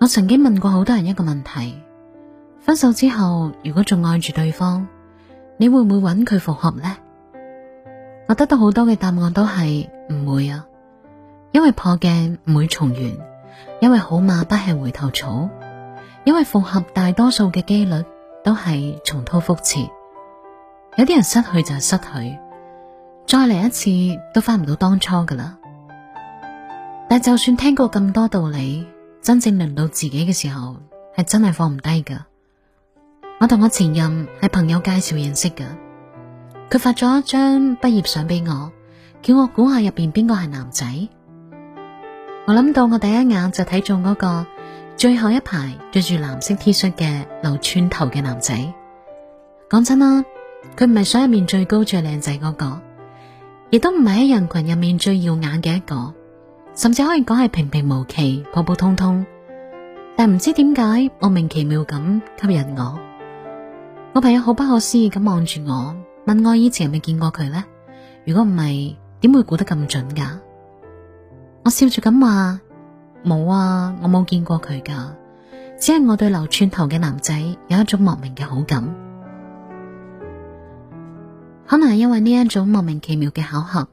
我曾經問過好多人一個問題：分手之後如果仲愛住對方，你會唔會揾佢復合呢？我得到好多嘅答案都係唔會啊，因為破鏡唔會重圓，因為好馬不係回頭草，因為復合大多數嘅幾率都係重蹈覆轍。有啲人失去就係失去，再嚟一次都翻唔到當初噶啦。但就算聽過咁多道理。真正輪到自己嘅時候，係真係放唔低噶。我同我前任係朋友介紹認識噶，佢發咗一張畢業相俾我，叫我估下入邊邊個係男仔。我諗到我第一眼就睇中嗰個最後一排着住藍色 T 恤嘅留寸頭嘅男仔。講真啦，佢唔係相入面最高最靚仔嗰個，亦都唔係喺人群入面最耀眼嘅一個。甚至可以講係平平無奇、普普通通，但唔知點解莫名其妙咁吸引我。我朋友好不可思議咁望住我，問我以前係咪見過佢呢？如果唔係，點會估得咁準噶？我笑住咁話冇啊，我冇見過佢噶，只係我對留寸頭嘅男仔有一種莫名嘅好感。可能係因為呢一種莫名其妙嘅巧合，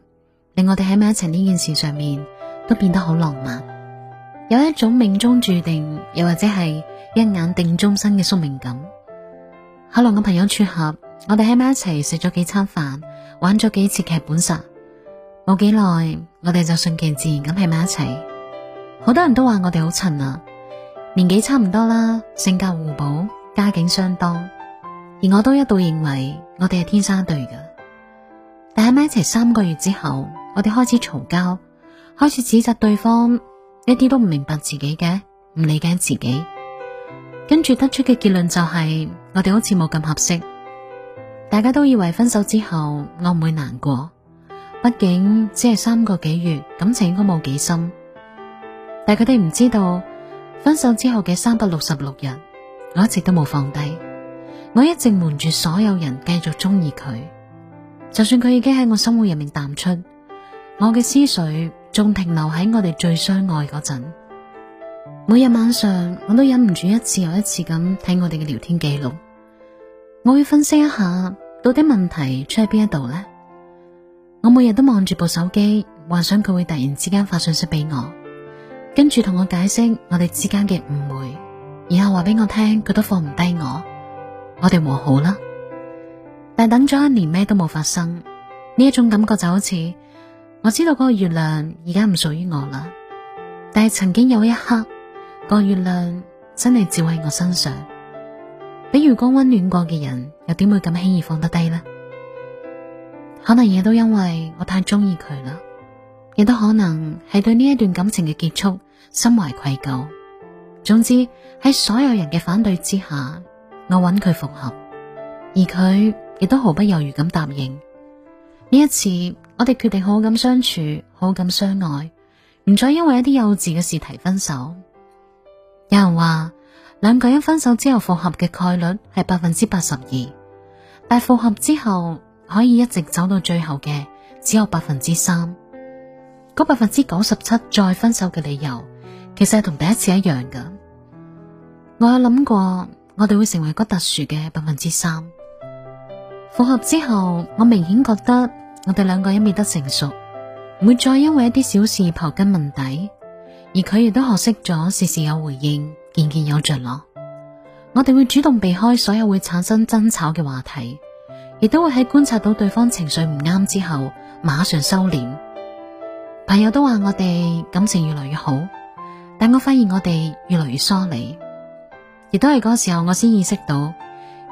令我哋喺埋一齊呢件事上面。都變得好浪漫，有一種命中注定，又或者係一眼定終身嘅宿命感。後來我朋友撮合，我哋喺埋一齊食咗幾餐飯，玩咗幾次劇本殺，冇幾耐，我哋就順其自然咁喺埋一齊。好多人都話我哋好襯啊，年紀差唔多啦，性格互補，家境相當，而我都一度認為我哋係天生一對嘅。但喺埋一齊三個月之後，我哋開始嘈交。開始指責對方一啲都唔明白自己嘅、唔理解自己，跟住得出嘅結論就係我哋好似冇咁合適。大家都以為分手之後我唔會難過，畢竟只係三個幾月感情應該冇幾深。但佢哋唔知道分手之後嘅三百六十六日，我一直都冇放低，我一直瞞住所有人繼續中意佢，就算佢已經喺我生活入面淡出，我嘅思緒。仲停留喺我哋最相愛嗰陣，每日晚上我都忍唔住一次又一次咁睇我哋嘅聊天記錄，我會分析一下到底問題出喺邊一度呢？我每日都望住部手機，幻想佢會突然之間發信息俾我，跟住同我解釋我哋之間嘅誤會，然後話俾我聽佢都放唔低我，我哋和好啦。但等咗一年咩都冇發生，呢一種感覺就好似。我知道嗰個月亮而家唔屬於我啦，但係曾經有一刻，個月亮真係照喺我身上。俾月光温暖過嘅人，又點會咁輕易放得低呢？可能亦都因為我太中意佢啦，亦都可能係對呢一段感情嘅結束心懷愧疚。總之喺所有人嘅反對之下，我揾佢復合，而佢亦都毫不猶豫咁答應呢一次。我哋決定好好咁相處，好好咁相愛，唔再因為一啲幼稚嘅事提分手。有人話，兩個人分手之後復合嘅概率係百分之八十二，但復合之後可以一直走到最後嘅只有百分之三。嗰百分之九十七再分手嘅理由，其實係同第一次一樣㗎。我有諗過，我哋會成為嗰特殊嘅百分之三，復合之後，我明顯覺得。我哋兩個也變得成熟，唔會再因為一啲小事刨根問底，而佢亦都學識咗事事有回應，件件有着落。我哋會主動避開所有會產生爭吵嘅話題，亦都會喺觀察到對方情緒唔啱之後馬上收斂。朋友都話我哋感情越來越好，但我發現我哋越嚟越疏離，亦都係嗰時候我先意識到，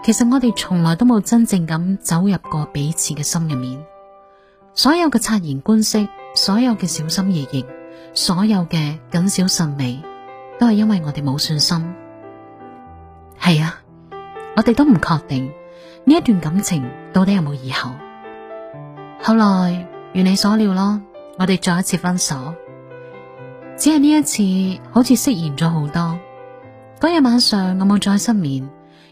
其實我哋從來都冇真正咁走入過彼此嘅心入面。所有嘅察言觀色，所有嘅小心翼翼，所有嘅謹小慎微，都係因為我哋冇信心。係啊，我哋都唔確定呢一段感情到底有冇以後。後來如你所料咯，我哋再一次分手。只係呢一次，好似釋然咗好多。嗰日晚上，我冇再失眠，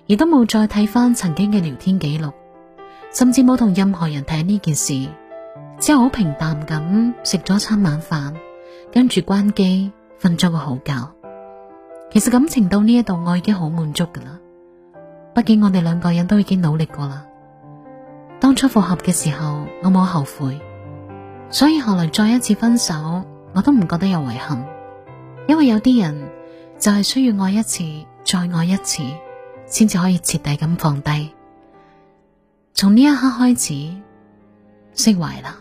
亦都冇再睇翻曾經嘅聊天記錄，甚至冇同任何人睇呢件事。之後好平淡咁食咗餐晚飯，跟住關機瞓咗個好覺。其實感情到呢一度，我已經好滿足噶啦。畢竟我哋兩個人都已經努力過啦。當初復合嘅時候，我冇後悔，所以後來再一次分手，我都唔覺得有遺憾。因為有啲人就係需要愛一次，再愛一次，先至可以徹底咁放低。從呢一刻開始，釋懷啦。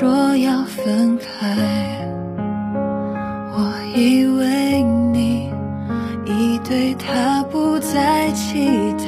說要分開，我以為你已對他不再期待。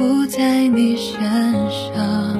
不在你身上。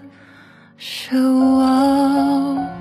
奢望。